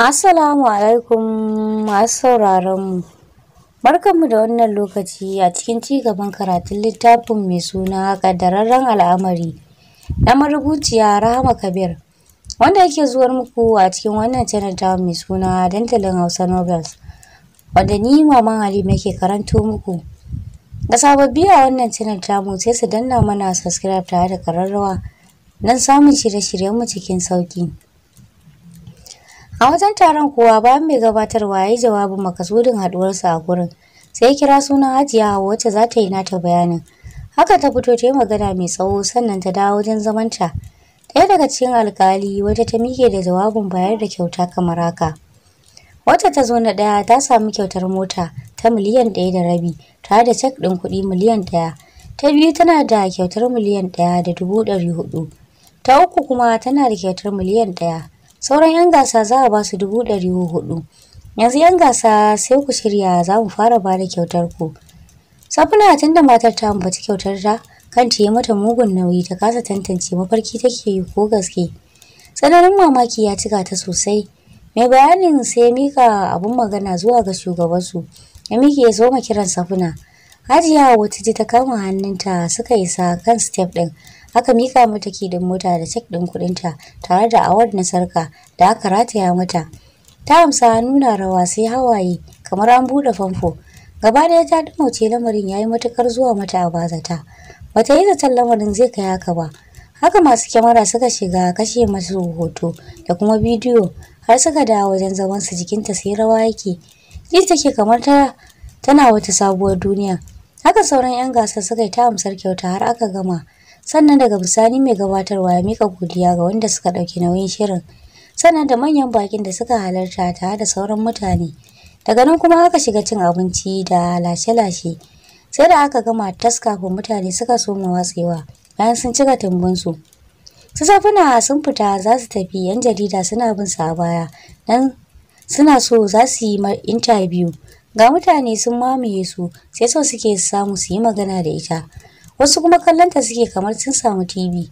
Assalamu alaikum masu sauraronmu. Barkanmu da wannan lokaci a cikin ci gaban karatun littafin mai suna ƙaddararren al'amari na marubuciya Rahama Kabir wanda yake zuwar muku a cikin wannan channel ta mai suna dandalin Hausa Novels wanda ni Maman Halima ke karanto muku. Da sababbi a wannan channel mu sai su danna mana subscribe tare da kararrawa don samun shirye-shiryenmu cikin sauƙi. A wajen taron kowa, bayan mai gabatarwa ya yi jawabin makasudin haɗuwarsa a gurin, sai kira sunan Hajiya Hauwa wacce za ta yi nata bayanin. Haka ta fito ta yi magana mai tsawo sannan ta dawo wajen zamanta. Ɗaya daga cikin alkali wata ta mike da jawabin bayar da kyauta kamar haka. Wata ta zo na ɗaya ta samu kyautar mota ta miliyan ɗaya da rabi tare da cek ɗin kuɗi miliyan ɗaya. Ta biyu tana da kyautar miliyan ɗaya da dubu ɗari hudu. Ta uku kuma tana da kyautar miliyan ɗaya. sauran 'yan gasa za a ba su dubu ɗari hudu yanzu 'yan gasa sai ku shirya za mu fara ba da kyautar ku safuna tun da matar ta ambaci kyautar ta kanta ya mata mugun nauyi ta kasa tantance mafarki take yi ko gaske tsananin mamaki ya cika ta sosai mai bayanin sai ya mika abun magana zuwa ga shugabansu ya miki ya zoma kiran safuna hajiya wata ji ta kama hannunta suka isa kan step ɗin aka mika mata kidin mota da cek ɗin kuɗinta tare da award na sarka da aka rataya mata ta amsa nuna rawa sai hawaye kamar an buɗe famfo gaba ɗaya ta dumauce lamarin yayi yi zuwa mata a bazata bata yi zaton lamarin zai kai haka ba haka masu kyamara suka shiga kashe masu hoto da kuma bidiyo har suka dawo wajen zaman su jikinta sai rawa yake ji take kamar ta tana wata sabuwar duniya haka sauran 'yan gasar suka yi ta amsar kyauta har aka gama sannan daga bisani mai gabatarwa ya mika godiya ga wanda suka ɗauki nauyin shirin sannan da manyan bakin da suka halarta ta da sauran mutane daga nan kuma aka shiga cin abinci da lashe-lashe sai da aka gama tas kafin mutane suka soma watsewa bayan sun cika tumbinsu su safuna sun fita za su tafi yan jarida suna bin su a baya dan suna so za su yi interview ga mutane sun mamaye su sai so suke samu su yi magana da ita wasu kuma kallonta suke kamar sun samu TV.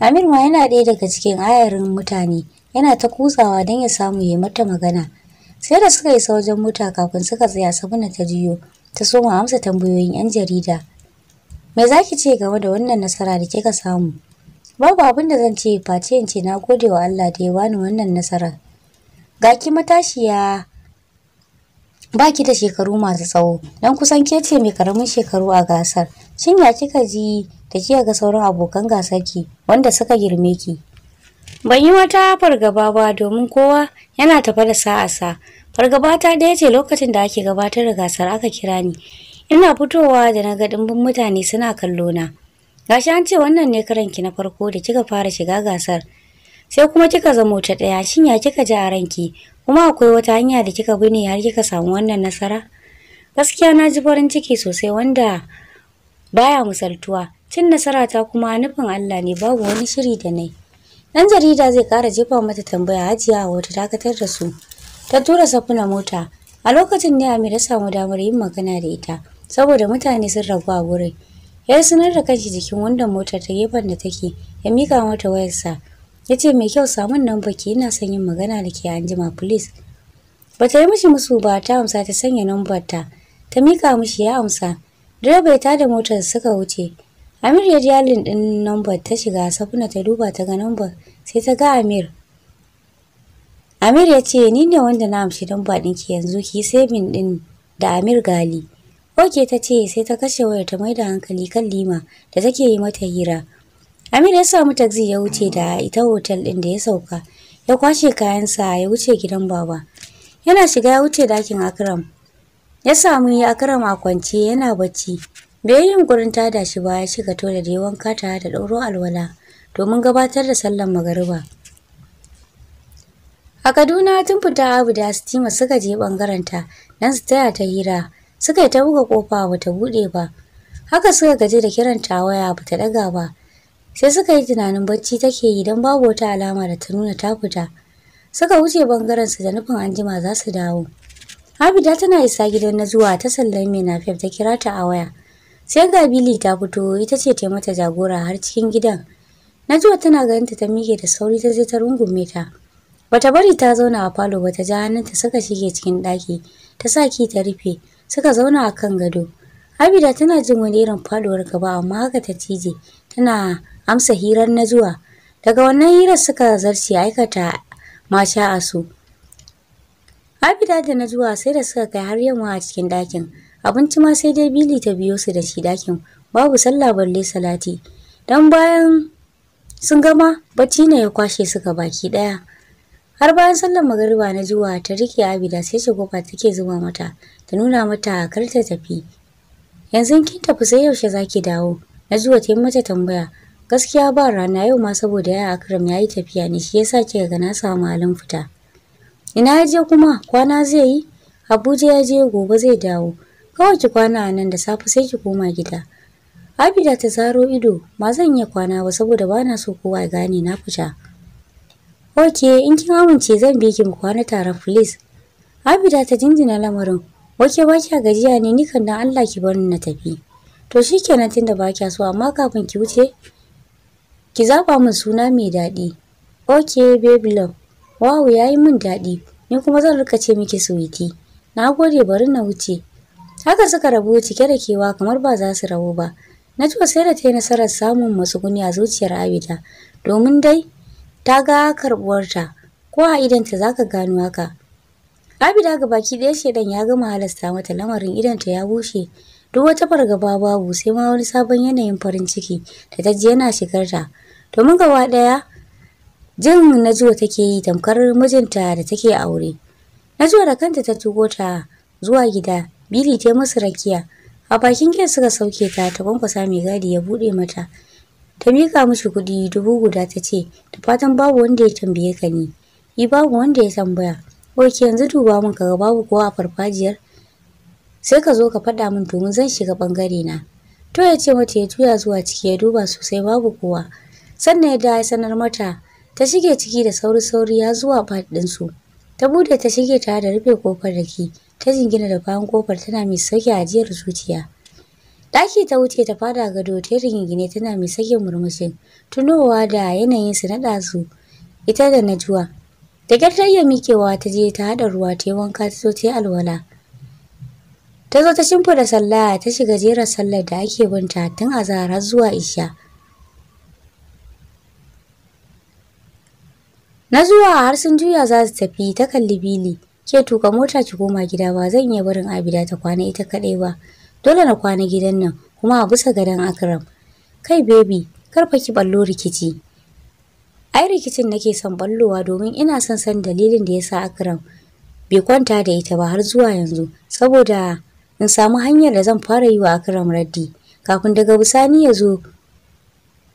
Amir ma yana ɗaya daga cikin ayarin mutane, yana ta kutsawa don ya samu ya mata magana. Sai da suka isa wajen mota kafin suka tsaya sabuna ta jiyo, ta soma amsa tambayoyin 'yan jarida. Me za ki ce game da wannan nasara da kika samu? Babu abin da zan ce face in ce na gode wa Allah da ya bani wannan nasara. Ga ki matashiya ba ki da shekaru masu tsawo, don kusan ke ce mai karamin shekaru a gasar. Shin ya kika ji da kiya ga sauran abokan gasarki wanda suka girme ki? Ban yi wata fargaba ba domin kowa yana tafa da sa Fargaba ta ɗaya ce lokacin da ake gabatar da gasar aka kira ni. Ina fitowa da na ga ɗimbin mutane suna kallo na. Gashi an ce wannan ne karan ki na farko da kika fara shiga gasar. Sai kuma kika zamo ta ɗaya shin ya kika ji a ranki kuma akwai wata hanya da kika bi ne har kika samu wannan nasara? Gaskiya na ji farin ciki sosai wanda baya misaltuwa cin nasara ta kuma nufin Allah ne babu wani shiri da nai dan jarida zai kara jefa mata tambaya hajiya wata dakatar da su ta tura safuna mota a lokacin ne Amir ya samu damar yin magana da ita saboda mutane sun ragu a wurin ya sanar da kanshi jikin wandon motar ta gefen da take ya mika mata wayarsa ya ce mai kyau samun nan baki ina son yin magana da ke anjima police bata yi mishi musu ba ta amsa ta sanya nambar ta ta mika mishi ya amsa direba ta da motar suka wuce amir ya ji yalin ɗin nambar ta shiga safuna ta duba ta ga nambar sai ta ga amir amir ya ce ni ne wanda na amshi namba ɗinki yanzu ki saving ɗin da amir gali oke ta ce sai ta kashe wayar ta mai da hankali kan lima da take yi mata hira amir ya samu taxi ya wuce da ita hotel ɗin da ya sauka ya kwashe kayansa ya wuce gidan baba yana shiga ya wuce dakin akram ya samu ya karama kwance yana bacci bai gurin tada shi ba ya shiga tola da wanka tare da ɗauro alwala domin gabatar da sallar magariba a kaduna tun fita abu da sitima suka je ɓangarenta nan su taya ta hira suka ta buga kofa ba ta buɗe ba haka suka gaji da kiranta waya ba ta ɗaga ba sai suka yi tunanin bacci take yi don babu wata alama da ta nuna ta fita suka wuce bangaren su da nufin anjima za su dawo Abida tana isa gidan na zuwa ta sallame Nafef ta kira ta a waya. Sai ga Bili ta fito ita ce ta mata jagora har cikin gidan. zuwa tana ganin ta ta mike da sauri ta je ta rungume ta. Bata bari ta zauna a falo ba ta ja hannunta suka shige cikin ɗaki. Ta sa ki ta rufe suka zauna a kan gado. Abida tana jin wani irin faduwar gaba amma haka ta cije tana amsa hirar na zuwa. Daga wannan hirar suka zarce aikata masha a su. Abida da Najwa sai da suka kai har yamma a cikin ɗakin. Abinci ma sai dai Bili ta biyo su da shi dakin Babu sallah balle salati. Dan bayan sun gama bacci ne ya kwashe suka baki ɗaya. Har bayan sallar magariba na zuwa ta rike Abida sai gofa take zuba mata ta nuna mata kar ta tafi. Yanzu kin tafi sai yaushe zaki dawo? Na juwa ta yi mata tambaya. Gaskiya ba rana yau ma saboda ya Akram yayi tafiya ne shi yasa kika ga na samu halin fita. Ina ya je kuma kwana zai yi? Abuja ya je gobe zai dawo. Kawai ki kwana a nan da safe sai ki koma gida. Abida ta zaro ido, ma zan iya kwana ba saboda ba na so kowa ya gane na fita. Oke, in kin amince zan bi ki mu kwana tare please. Abida ta jinjina lamarin. Wake ba kya gajiya ne ni dan Allah ki bar na tafi. To shikenan tunda ba kya so amma kafin ki wuce ki zaba min suna mai daɗi. Oke baby love. Wawu ya yi min daɗi, ni kuma zan rika ce miki suwiti. Na gode bari na wuce. Haka suka rabu cike da kewa kamar ba za su rabu ba. Na ce sai da ta yi nasarar samun matsuguni a zuciyar Abida, domin dai ta ga karɓuwarta, ko a idanta za ka gano haka. Abida ga baki ɗaya shedan ya gama halasta mata lamarin ta ya bushe, duk wata fargaba babu sai ma wani sabon yanayin farin ciki da ta ji yana shigar ta. Domin gaba ɗaya Jin Najwa take yi tamkar mijinta da take aure. Najwa da kanta ta tugo ta zuwa gida, Bili ta musu rakiya. A bakin gidan suka sauke ta ta kwankwasa mai gadi ya buɗe mata. Ta mika mishi kuɗi dubu guda ta ce, "Da fatan babu wanda ya tambaye ka ni." Yi babu wanda ya tambaya. Oke yanzu duba min kaga babu kowa a farfajiyar. Sai ka zo ka faɗa min domin zan shiga ɓangare na. To ya ce mata ya tuya zuwa ciki ya duba sosai babu kowa. Sannan ya da ya sanar mata ta shige ciki da sauri-sauri ya zuwa su ta bude ta shige ta da rufe kofar da ta jingina da bayan kofar tana mai sauke ajiyar zuciya ɗaki ta wuce ta fada gado ta rigingine tana mai sauki murmushin tunowa da su na ɗazu ita da najuwa da kyar ya mikewa ta je ta haɗa ruwa ta yi wanka ta zo ta yi alwala ta zo ta shimfiɗa sallah ta shiga jerar sallar da ake binta tun zara zuwa isha Na zuwa har sun juya za su tafi ta kalli Bili. Ke tuka mota ki koma gida ba zan iya barin Abida ta kwana ita kaɗai ba. Dole na kwana gidan nan kuma a bisa gadon Akram. Kai baby, karfa ki ballo rikici. Ai rikicin nake son ballowa domin ina son san dalilin da yasa Akram bai kwanta da ita ba har zuwa yanzu saboda in samu hanyar da zan fara yi wa Akram raddi kafin daga bisani ya zo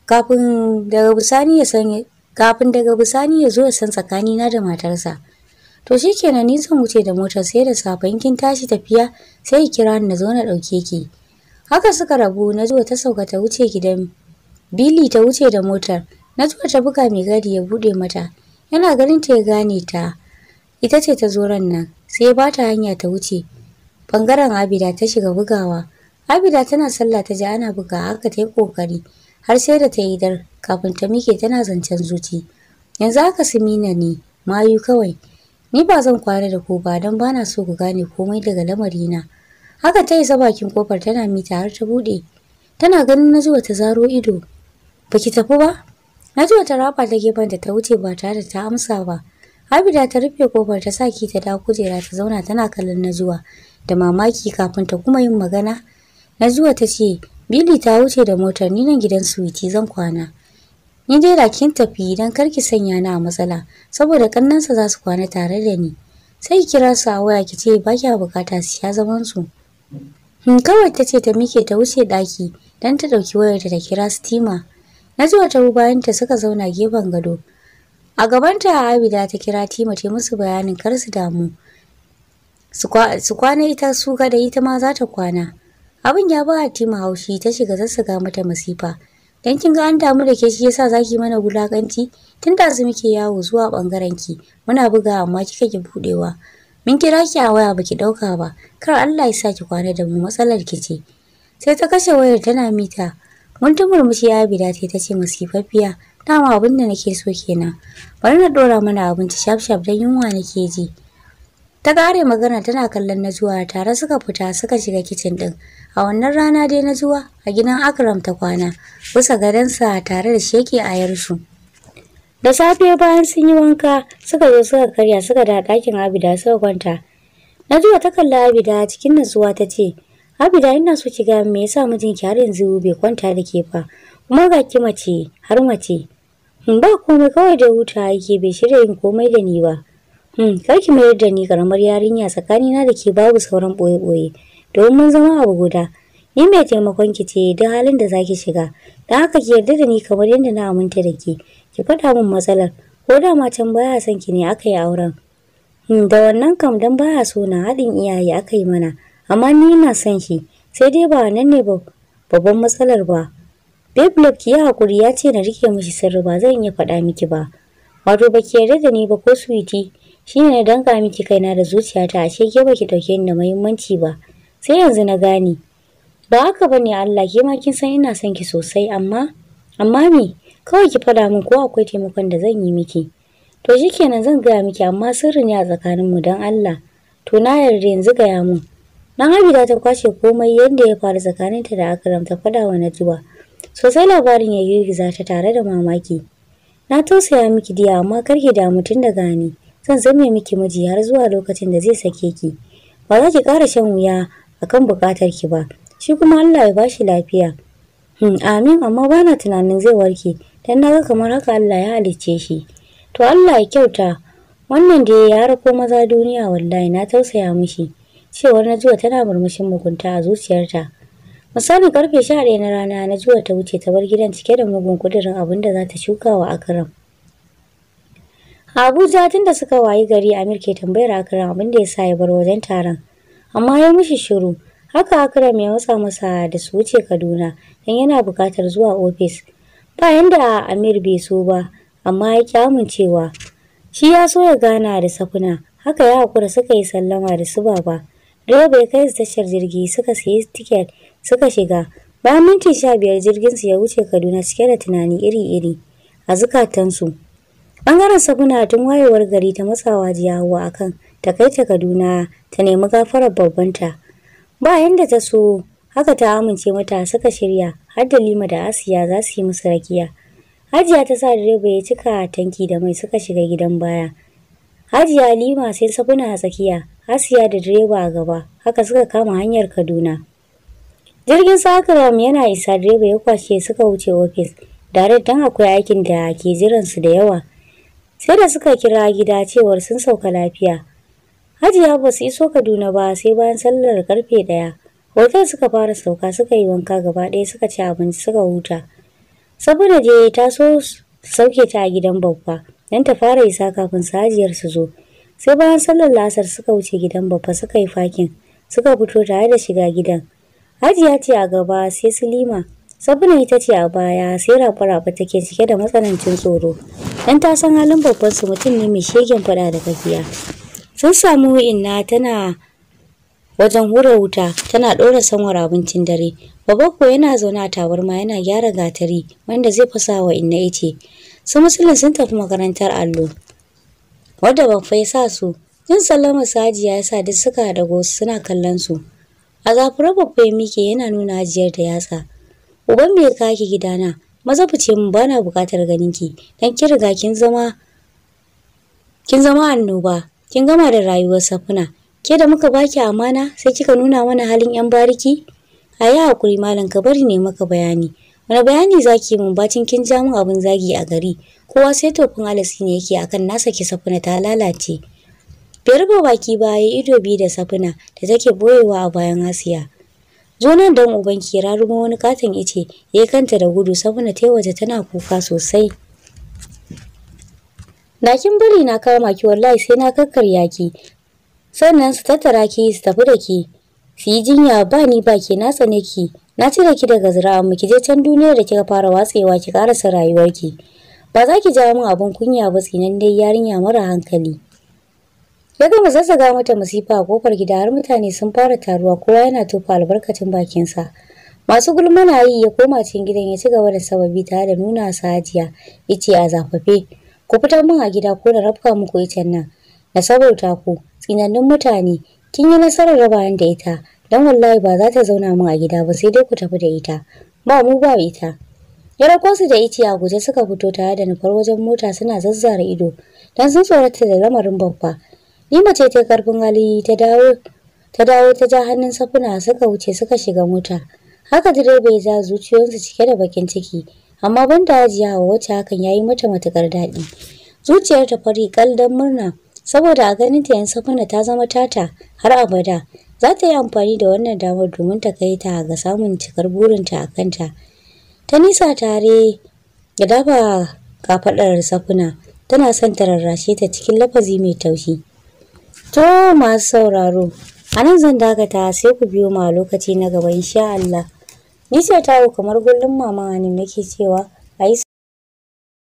kafin daga bisani ya san kafin daga bisani ya zo ya san tsakanina da matarsa. To shi kenan ni zan wuce da motar sai da safen kin tashi tafiya sai ya kira ni na zo na ɗauke ki. Haka suka rabu na zuwa ta sauka ta wuce gidan Billy ta wuce da motar na zuwa ta buga mai gadi ya buɗe mata. Yana ganin ta ya gane ta. Ita ce ta zo ran nan sai ba ta hanya ta wuce. Bangaren Abida ta shiga bugawa. Abida tana sallah ta ji ana buga haka ta yi ƙoƙari. har sai da ta yi dar kafin ta mike tana zancen zuci yanzu haka Simina ne mayu kawai ni ba zan kware da ku ba don bana so ku gane komai daga lamari na. haka ta isa bakin kofar tana mita har ta buɗe tana ganin na zuwa ta zaro ido baki tafi ba Na zuwa ta raba ta gefen da ta wuce ba tare da ta amsa ba Abida ta rufe kofar ta saki ta da kujera ta zauna tana kallon na zuwa. da mamaki kafin ta kuma yin magana. Na zuwa ta ce, Billy ta wuce da motar ni nan gidan suwiti zan kwana. Ni dai da kin tafi idan kar ki sanya na a matsala saboda kannansa za su kwana tare da ni. Sai ki kira su a waya ki ce ba kya bukata su ya zaman su. Hin hmm, kawai ta ce ta mike ta wuce ɗaki dan ta ɗauki wayarta ta kira Stima. Na ji wata ta suka zauna gefen gado. A gabanta Abida ta kira Tima ta musu bayanin kar su damu. Su kwana ita su da ita ma za ta kwana. Abin ya ba Hatima haushi ta shiga ga mata masifa. Dan kin ga an damu da ke shi yasa zaki mana gulakanci? tun da muke yawo zuwa bangaren ki muna buga amma kika ki budewa. Mun kira ki a waya baki dauka ba. Kar Allah ya saki kwana da mu matsalar ki ce. Sai ta kashe wayar tana mita. Mun ta murmushi ya bida ta tace masifaffiya. Dama abin da nake so kenan. Bari na dora mana abinci shaf shaf dan yunwa nake ji. Ta kare magana tana kallon Najuwa tare suka fita suka shiga kicin din. A wannan rana dai Najuwa a gidan Akram ta kwana, bisa gadansa tare da sheke a yarsu. Da safe bayan sun yi wanka suka zo suka karya suka da ɗakin Abida suka kwanta. Najuwa ta kalla Abida cikin natsuwa ta ce, Abida ina so ki ga me yasa ki har yanzu bai kwanta da ke fa. Kuma ga ki mace har mace. Ba komai kawai da huta yake bai shirya yin komai da ni ba. Hmm, kar ki mayar da ni karamar yarinya na da ke babu sauran ɓoye-ɓoye. Domin mun zama abu guda. Ni mai taimakon ki ce duk halin da zaki shiga. Da haka ki yarda da ni kamar yadda na aminta da ke. Ki faɗa min matsalar. Ko da ma can baya son ki ne aka yi auren. Hmm, da wannan kam dan baya so na haɗin iyaye aka yi mana. Amma ni yana son shi. Sai dai ba nan ne babban matsalar ba. Beyblade ki yi haƙuri ya ce na rike mishi sirri ba zan iya faɗa miki ba. Wato ba ki yarda da ni ba ko suwiti. shine na danka miki kaina da zuciyata ashe ke baki dauke ni da muhimmanci ba sai yanzu na gane ba haka bane Allah ke ma kin san ina son ki sosai amma amma me kawai ki fada min ko akwai taimakon da zan yi miki to shi kenan zan gaya miki amma sirri ne a tsakanin mu dan Allah to na yarda yanzu gaya mun dan Habida ta kwace komai yadda ya faru ta da Akram ta fada wa Najwa sosai labarin ya girgiza ta tare da mamaki na tausaya miki diya amma kar ki damu tun da gani zan zame miki miji har zuwa lokacin da zai sake ki ba za ki ƙara shan wuya akan buƙatar ki ba shi kuma Allah ya bashi lafiya hmm, amin amma bana tunanin zai warke dan ga kamar haka Allah ya halicce shi to Allah ya kyauta wannan da ya ko maza duniya wallahi na tausaya mishi cewar Najwa tana murmushin mugunta a zuciyarta misali karfe 11 na rana na Najwa ta wuce ta bar gidan cike da mugun kudirin abin da za ta shuka wa Akram Abuja tun da suka wayi gari Amir ke tambayar Akram abin da ya sa ya bar wajen taron. Amma ya mishi shiru. Haka Akram ya wasa masa da su wuce Kaduna don yana buƙatar zuwa ofis. Ba yanda Amir bai so ba, amma ya kyamun cewa Shi ya so ya gana da sakuna. haka ya hakura suka yi sallama da su baba. Direba ya kai su tashar jirgi suka sayi tiket suka shiga. Bayan minti sha biyar su ya wuce Kaduna cike da tunani iri-iri a zukatansu. Bangaren Saguna tun wayewar gari ta matsawa Jiyawa akan ta kai ta Kaduna ta nemi gafarar babbanta. Ba yanda ta so haka ta amince mata suka shirya har da Lima da Asiya za su yi musu rakiya. Hajiya ta sa direba ya cika tanki da mai suka shiga gidan baya. Hajiya Lima sai Sabuna a tsakiya, Asiya da direba a gaba, haka suka kama hanyar Kaduna. Jirgin Sakaram yana isa direba ya kwashe suka wuce ofis. Dare dan akwai aikin da ke jiransu da yawa. sai da suka kira gida cewar sun sauka lafiya. Hajiya ba su iso Kaduna ba sai bayan sallar karfe ɗaya. Hotel suka fara sauka suka yi wanka gaba ɗaya suka ci abinci suka huta. Saboda je ta so sauke ta a gidan babba don ta fara isa kafin su hajiyar su zo. Sai bayan sallar lasar suka wuce gidan babba suka yi fakin suka fito tare da shiga gidan. Hajiya ce a gaba sai Silima. Sabuna ita ce a baya sai rafa-rafa take cike da matsanancin tsoro. dan ta san halin babban su mutum ne mai shegen faɗa da kafiya. sun samu inna tana wajen hura wuta tana ɗora sanwar abincin dare ko yana zaune a tabarma yana gyara gatari wanda zai fasa wa inna ice su musulun sun tafi makarantar allo wadda ban ya sa su jin sallama sajiya ya sa duk suka dago suna kallon su a zafura babba ya mike yana nuna ajiyar da yatsa uban me ka ki gidana maza fice min ba na buƙatar ganin ki dan ki riga kin zama kin zama annoba kin gama da rayuwar safuna ke da muka baki amana sai kika nuna mana halin yan bariki a yi hakuri malam ka bari ne maka bayani wani bayani zaki mun bacin kin ja mun abin zagi a gari kowa sai tofin alasi ne yake akan nasa ki safuna ta lalace bai rufe baki ba ya ido biyu da safuna da take boyewa a bayan asiya zo nan don ubanki ra ruma wani katon ice ya yi kanta da gudu saboda ta waje tana kuka sosai dakin bari na kama ki wallahi sai na kakkarya ki sannan su tattara ki su tafi da ki su yi jinya ba ni ba ke na tsane ki na cire ki daga zira'an mu ki je can duniyar da kika fara watsewa ki karasa rayuwarki ba za ki jawo min abin kunya ba tsinan dai yarinya mara hankali Ya gama zazzaga mata masifa a kofar gida har mutane sun fara taruwa kowa yana tofa albarkacin bakinsa. Masu gulma na yi ya koma cikin gidan ya ci gaba da sababi tare da nuna sajiya ice a zafafe. Ku fitar min a gida ko da rafka muku icen nan. Na sabauta ku tsinannun mutane kin yi nasarar rabayan da ita dan wallahi ba za ta zauna min a gida ba sai dai ku tafi da ita. Ba mu ba ita. Ya rako su da ice a guje suka fito tare da nufar wajen mota suna zazzara ido dan sun tsorata da lamarin babba. Ni ce ta karfin hali ta dawo ta dawo ta ja hannun safuna suka wuce suka shiga mota. Haka direba ya ja zuciyoyinsu cike da bakin ciki, amma ban da hajiya wa wacce hakan ya yi mata matuƙar daɗi. Zuciyar ta fari kaldan murna saboda a ganin ta yan safuna ta zama tata har abada. Za ta yi amfani da wannan damar domin ta kai ta ga samun cikar burinta a kanta. Ta nisa tare da dafa kafaɗar safuna tana son ta rarrashe ta cikin lafazi mai taushi. To masu sauraro, a nan zan dakata sai ku biyo ma lokaci na gaba insha Allah. Ni ce tawo kamar gullun mama ne nake cewa a yi